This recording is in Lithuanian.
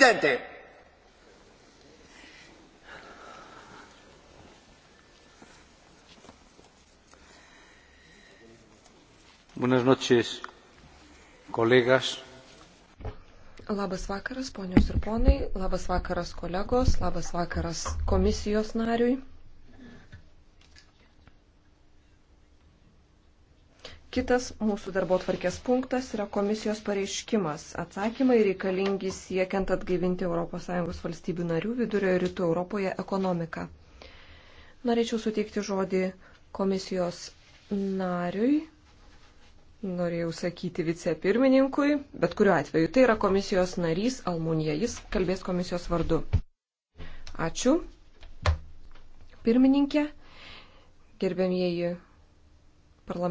Presidente. Buenas noches, kolegas. Labas vakaras, ponios ir ponai, labas vakaras kolegos, labas vakaras komisijos nariui. Kitas mūsų darbo tvarkės punktas yra komisijos pareiškimas. Atsakymai reikalingi siekiant atgaivinti ES valstybių narių vidurio ir rytų Europoje ekonomiką. Norėčiau suteikti žodį komisijos nariui, norėjau sakyti vicepirmininkui, bet kuriuo atveju tai yra komisijos narys Almunija. Jis kalbės komisijos vardu. Ačiū. Pirmininkė, gerbėmieji parlamentarai.